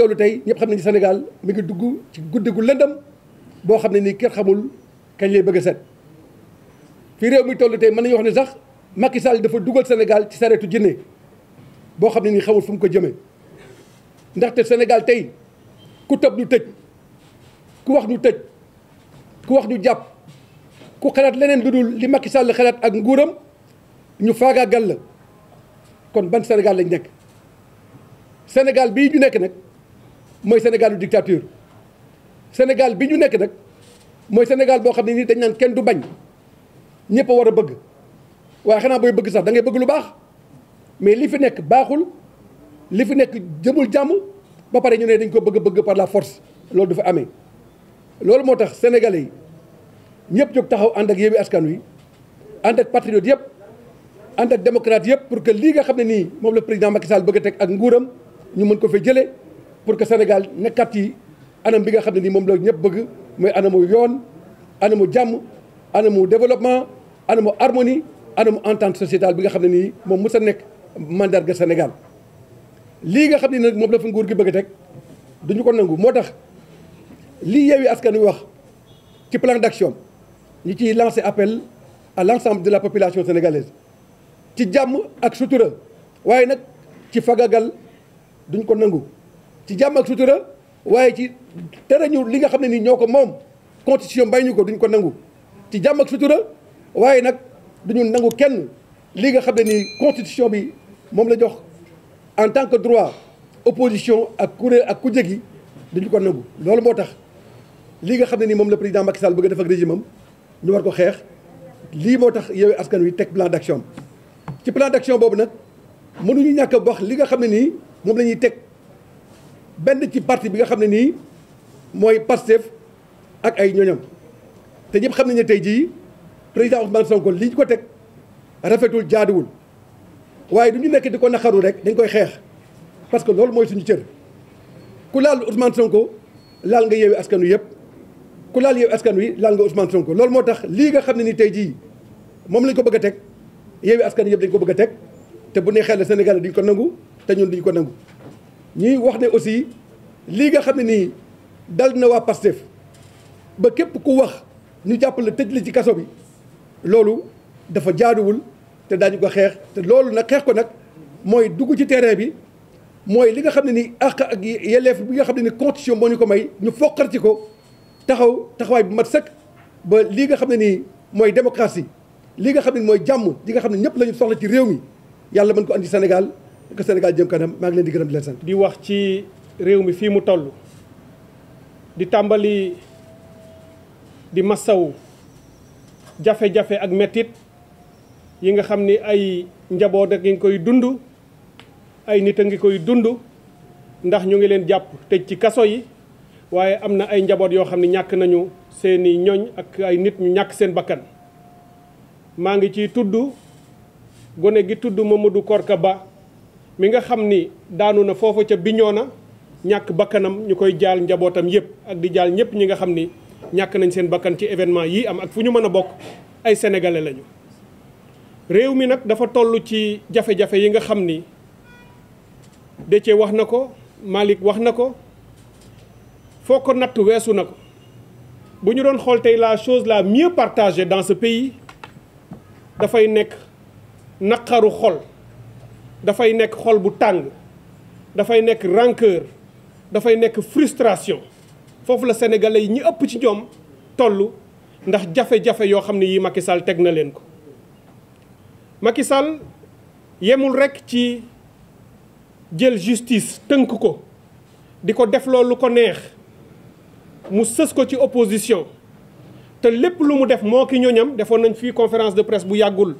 tollu tey ñëpp xam nañu senegal mi ngi dugg ci guddi gu lëndëm boo xam ne nii kenn xamul kañ lay bëgg set fii réew mi tollu tey mën nañu wax ne sax makki Sall dafa dugal senegal ci sareetu jinne boo xam ne nii xamul fu ko jëme ndaxte senegal tey ku tëb ñu tëj ku wax ñu tëj ku wax ñu jàpp ku xalaat leneen lu dul li makki sàll xalaat ak nguuram ñu faagaagal la kon ban senegal lañ nekk senegal bi ñu nekk nag. mooy Sénégalu dictature Sénégal bi ñu nekk nag mooy Sénégal boo xam ne nii dañ naan kenn du bañ ñëpp war a bëgg waaye xanaa booy bëgg sax dangay bëgg lu baax mais li fi nekk baaxul li fi nekk jëmul jàmm ba pare ñu nee dañ ko bëgg bëgg par la force loolu du fa amee. loolu moo tax sénégalais yi ñëpp jóg taxaw ànd ak Yewwi Askan Wi ànd ak patriote yëpp ànd ak démocrate yëpp pour que lii nga xam ne nii moom la président Macky Sall bëgg a teg ak nguuram ñu mën ko fa jëlee. pour que Sénégal nekkat yi anam bi nga xam ne nii moom la ñëpp bëgg mooy anamu yoon anamu jàmm anamu développement anamu harmonie anamu entente sociétale bi nga xam ne nii moom mës a nekk mandarga Sénégal lii nga xam ne nag moom la fa nguur gi bëgg teg duñu ko nangu moo tax lii Yewwi Askan Wi wax ci plan d'action ñi ciy lancer appel à l'ensemble de la population sénégalaise ci jàmm ak sutura waaye nag ci fagagal duñ ko nangu ci jàmm ak sutura waaye ci tere ñu li nga xam ne nii ñoo ko moom constitution bay ñu ko duñ ko nangu ci jàmm ak sutura waaye nag duñu nangu kenn li nga xam ne nii constitution bi moom la jox en tant que droit opposition ak kuréel ak kuje gi duñu ko nangu loolu moo tax li nga xam ne nii moom la président Macky Sall bëgg a def ak ñu war ko xeex lii moo tax yow Askan Wi teg plan d'action ci plan d'action boobu nag mënuñu ñàkk a wax li nga xam ne nii moom la ñuy teg benn ci parti bi nga xam ne nii mooy Pastef ak ay ñoñam te ñëpp xam nañ ne tey jii président Ousmane Sonko li ñu ko teg rafetul jaaduwul waaye du ñu nekk di ko naqaru rek dañ koy xeex parce que loolu mooy suñu cër ku laal Ousmane Sonko laal nga yeewi askan wi yëpp ku laal yeewi askan wi laal nga Ousmane Sonko loolu moo tax lii nga xam ne nii tey jii moom lañ ko bëgg a teg yeewi askan wi yëpp dañ ko bëgg a teg te bu ne xel Sénégal duñ ko nangu te ñun duñ ko nangu. ñuy wax ne aussi lii nga xam ne nii dal na waa Pastef ba képp ku wax ñu jàppale tëj la ci kaso bi loolu dafa jaaduwul te daañu ko xeex te loolu nag xeex ko nag mooy dugg ci terrain bi mooy li nga xam ne ni ak ak yelleef bi nga xam ne ni constitution moo ñu ko may ñu foqar ci ko taxaw taxawaay bu mat sëkk ba lii nga xam ne nii mooy démocratie lii nga xam ne mooy jàmm li nga xam ne ñëpp la ñu soxla ci réew mi yàlla mën ko indi Sénégal que Sénégal jëm kanam maa ngi leen di gërëm di di wax ci réew mi fii mu toll di tàmbali di masaw jafe-jafe ak metit yi nga xam ni ay njaboot a ngi koy dund ay nit a ngi koy dund ndax ñu ngi leen jàpp tëj ci kaso yi waaye am na ay njaboot yoo xam ne ñàkk nañu seeni ñoñ ak ay nit ñu ñàkk seen bakkan maa ngi ciy tudd gone gi tudd Mamadou Korka Ba mi nga xam ni daanu na foofa ca Bignona ñàkk bakkanam ñu koy jaal njabootam yëpp ak di jaal ñëpp ñi nga xam ni ñàkk nañ seen bakkan ci événement yii am ak fu ñu mën a bokk ay sénégalais lañu. réew mi nag dafa toll ci jafe-jafe yi nga xam ni Déthié wax na ko malik wax na ko foo ko natt weesu na ko bu ñu doon xool tey la chose la mieux partagée dans ce pays dafay nekk naqaru xol. dafay nekk xol bu tàng dafay nekk rancœur dafay nekk frustration foofu la sénégalais yi ñi ëpp ci ñoom toll ndax jafe-jafe yoo xam ne yii Macky Sall teg na leen ko Macky Sall yemul rekk ci jël justice tënk ko di ko def loolu ko neex mu sës ko ci opposition te lépp lu mu def moo ki ñoñam defoon nañ fii conférence de presse bu yàggul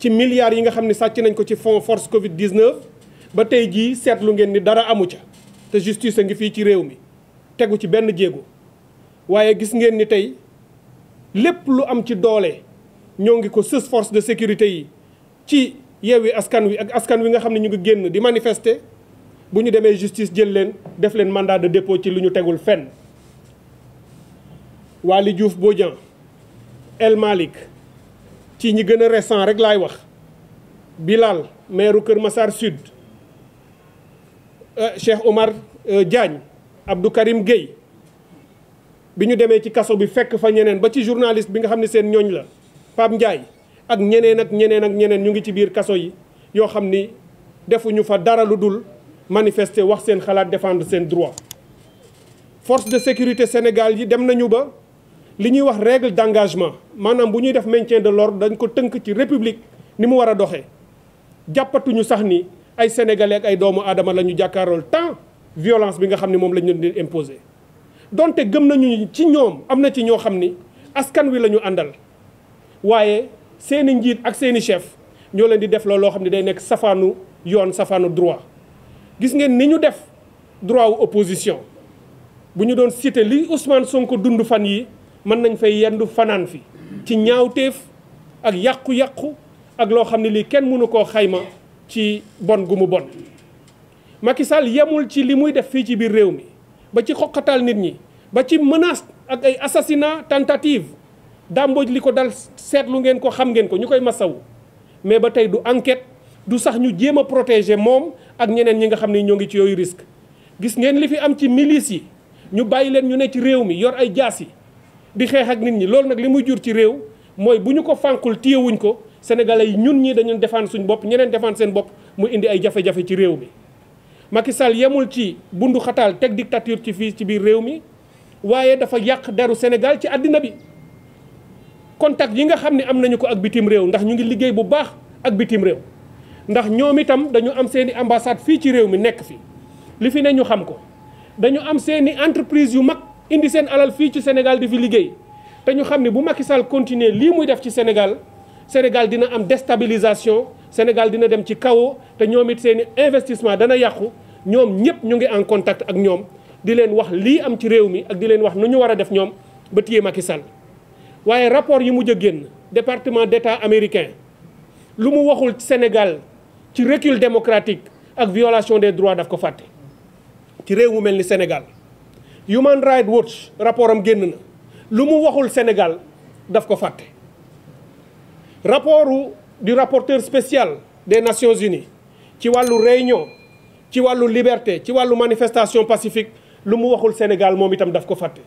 ci milliards yi nga xam ne sàcc nañ ko ci fonds force Covid 19 ba tey jii seetlu ngeen ni dara amu ca te justice a ngi fii ci réew mi tegu ci benn jéego waaye gis ngeen ni tey lépp lu am ci doole ñoo ngi ko sës force de sécurité yi ci Yewwi Askan Wi ak askan wi nga xam ne ñu ngi génn di manifester bu ñu demee justice jël leen def leen mandat de dépôt ci lu ñu tegul fenn Waly Diouf Bodian El Malick ci ñi gën a récent rek laay wax Bilal maire Kër masar Sud euh, Cheikh Omar euh, Diagne Abdou Karim Gueye bi ñu demee ci kaso bi fekk fa ñeneen ba ci journaliste bi nga xam ne seen ñooñ la Pape Ndiaye ak ñeneen ak ñeneen ak ñeneen ñu ngi ci biir kaso yi yoo xam ni defuñu fa dara lu dul manifester wax seen xalaat défendre seen droit force de sécurité Sénégal yi dem nañu ba li ñuy wax règle d' maanaam bu ñuy def maintien de l'ordre dañ ko tënk ci république ni mu war a doxee jàppatuñu sax ni ay sénégalais ak ay doomu aadama la ñu jàkkaarool tant violence bi nga xam ne moom la ñu leen di donte gëm nañu ci ñoom am na ci ñoo xam ni askan wi la ñu àndal waaye seeni njiit ak seeni chef ñoo leen di def loolu loo xam ne day nekk safaanu yoon safaanu droit gis ngeen ni ñu def droit wu opposition bu ñu doon cité li Ousmane Sonko dund fan yi mën nañ fay yendu fanaan fi ci ñaawteef ak yàqu-yàqu ak loo xam ne lii kenn mënu koo xayma ci bon gu mu bon Macky Sall yemul ci li muy def fii ci biir réew mi ba ci xoqatal nit ñi ba ci menace ak ay assassinat tentative dàmbooj li ko dal seetlu ngeen ko xam ngeen ko ñu koy masawu mais ba tey du enquête du sax ñu jéem a protéger moom ak ñeneen ñi nga xam ne ñoo ngi ci yooyu risque gis ngeen li fi am ci milice yi ñu bàyyi leen ñu ne ci réew mi yor ay jaas di xeex ak nit ñi loolu nag li muy jur ci réew mooy bu ñu ko fànkul téyewuñ ko sénégalais yi ñun ñii dañu defaan suñ bopp ñeneen defaan seen bopp mu indi ay jafe-jafe ci réew mi. Macky Sall yemul ci bundu xataal teg ci fii ci biir réew waaye dafa yàq daru Sénégal ci àddina bi contact yi nga xam ne am nañu ko ak bitim réew ndax ñu ngi liggéey bu baax ak bitim réew ndax ñoom itam dañu am seeni ambassade fii ci réew mi nekk fi li fi ne ñu xam ko dañu am seeni entreprise yu mag. indi seen alal fii ci Sénégal di fi liggéey te ñu xam ne bu Macky Sall continuer lii muy def ci Sénégal Sénégal dina am déstabilisation Sénégal dina dem ci kawo te ñoom it seen i investissement dana yàqu ñoom ñëpp ñu ngi en contact ak ñoom di leen wax lii am ci réew mi ak di leen wax nu ñu war a def ñoom ba téye Macky waaye rapport yi mujj a génn département d'État américain lu mu waxul Sénégal ci recul démocratique ak violation des droits daf ko fàtte ci réew mu mel ni Sénégal Human Rights Watch rapport am génn lu mu waxul Sénégal daf ko fàtte rapport du rapporteur spécial des Nations Unies ci wàllu réunion ci wàllu liberté ci wàllu manifestation pacifique lu mu waxul Sénégal moom itam daf ko fàtte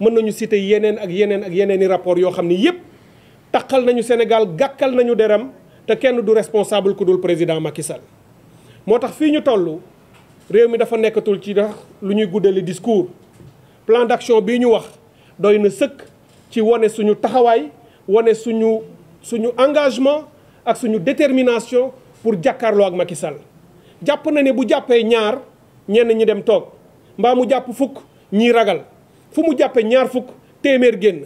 mën nañu site yeneen ak yeneen ak yeneen i rapport yoo xam ni yépp taqal nañu Sénégal gàkkal nañu deram te kenn du responsable ku dul président Macky Sall moo tax fii ñu toll réew mi dafa nekkatul ci ndax lu ñuy guddali discours plan d'action bii ñu wax doy na sëkk ci wane suñu taxawaay wane suñu suñu engagement ak suñu détermination pour jàkkaarloo ak Macky Sall jàpp na ne bu jàppee ñaar ñenn ñi dem toog mbaa mu jàpp fukk ñii ragal fu mu jàppee ñaar fukk téeméer génn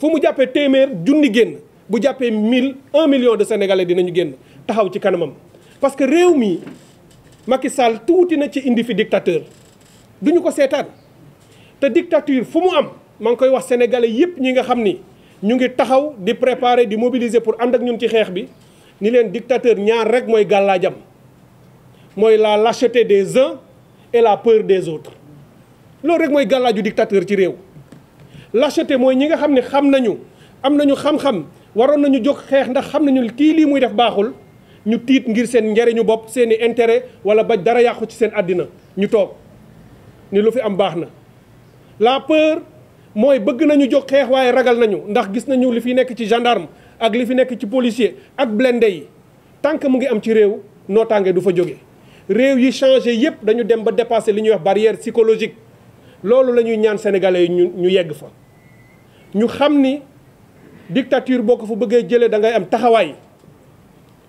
fu mu jàppee téeméer junni génn bu jàppee mille un million de sénégalais dinañu génn taxaw ci kanamam. parce que réew mi Macky Sall tuuti na ci indi fi dictateur duñu ko seetaan. te dictature fu mu am maa ngi koy wax sénégalais yépp ñi nga xam ni ñu ngi taxaw di préparer di mobiliser pour ànd ak ñun ci xeex bi ni leen dictateur ñaar rek mooy gàllaajam mooy la lâcheté des uns et la peur des autres loolu rek mooy gàllaaju dictateur ci réew lacheté mooy ñi nga xam ne xam nañu am nañu xam-xam waroon nañu jóg xeex ndax xam nañu kii lii muy def baaxul ñu tiit ngir seen njariñu bopp seeni intérêt wala ba dara yàqu ci seen àddina ñu toog lu fi am baax na la peur mooy bëgg nañu jóg xeex waaye ragal nañu ndax gis nañu li fi nekk ci gendarme ak li fi nekk ci policier ak blindé yi tant que mu ngi am ci réew nootaange du fa jóge réew yi changé yépp dañu dem ba dépasser li ñuy wax barrière psychologique loolu la ñuy ñaan sénégalais yi ñu ñu yegg fa ñu xam ni dictature boo ko fa bëggee jëlee da ngay am taxawaay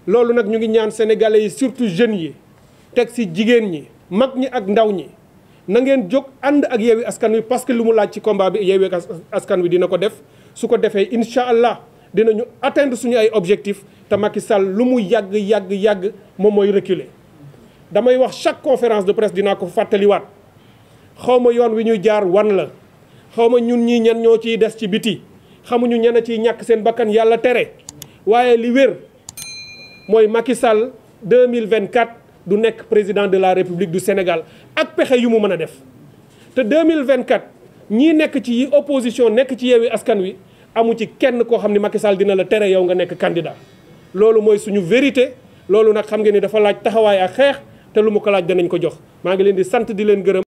loolu nag ñu ngi ñaan sénégalais yi surtout jeunes yi teg ci jigéen ñi mag ñi ak ndaw ñi nangeen jóg ànd ak yeewi askan wi parce que lu mu laaj ci combat bi yeewi askan wi dina ko def su ko defee incha allah dina ñu atteindre suñu ay objectif te Macky Sall lu mu yàgg yàgg yàgg moom mooy reculer. damay wax chaque conférence de presse dinaa ko fàttaliwaat xaw ma yoon wi ñuy jaar wan la xaw ma ñun ñii ñen ñoo ciy des ci biti xamuñu ñen a ciy ñàkk seen bakkan yàlla tere waaye li wér mooy Macky Sall 2024. du nekk président de la république du Sénégal ak pexe yu mu mën a def te 2024 ñii nekk ci yi opposition nekk ci Yewwi Askan Wi amu ci kenn koo xam ni Macky dina la tere yow nga nekk candidat loolu mooy suñu vérité loolu nag xam ngeen ni dafa laaj taxawaay ak xeex te lu mu ko laaj danañ ko jox maa ngi leen di sant di leen gërëm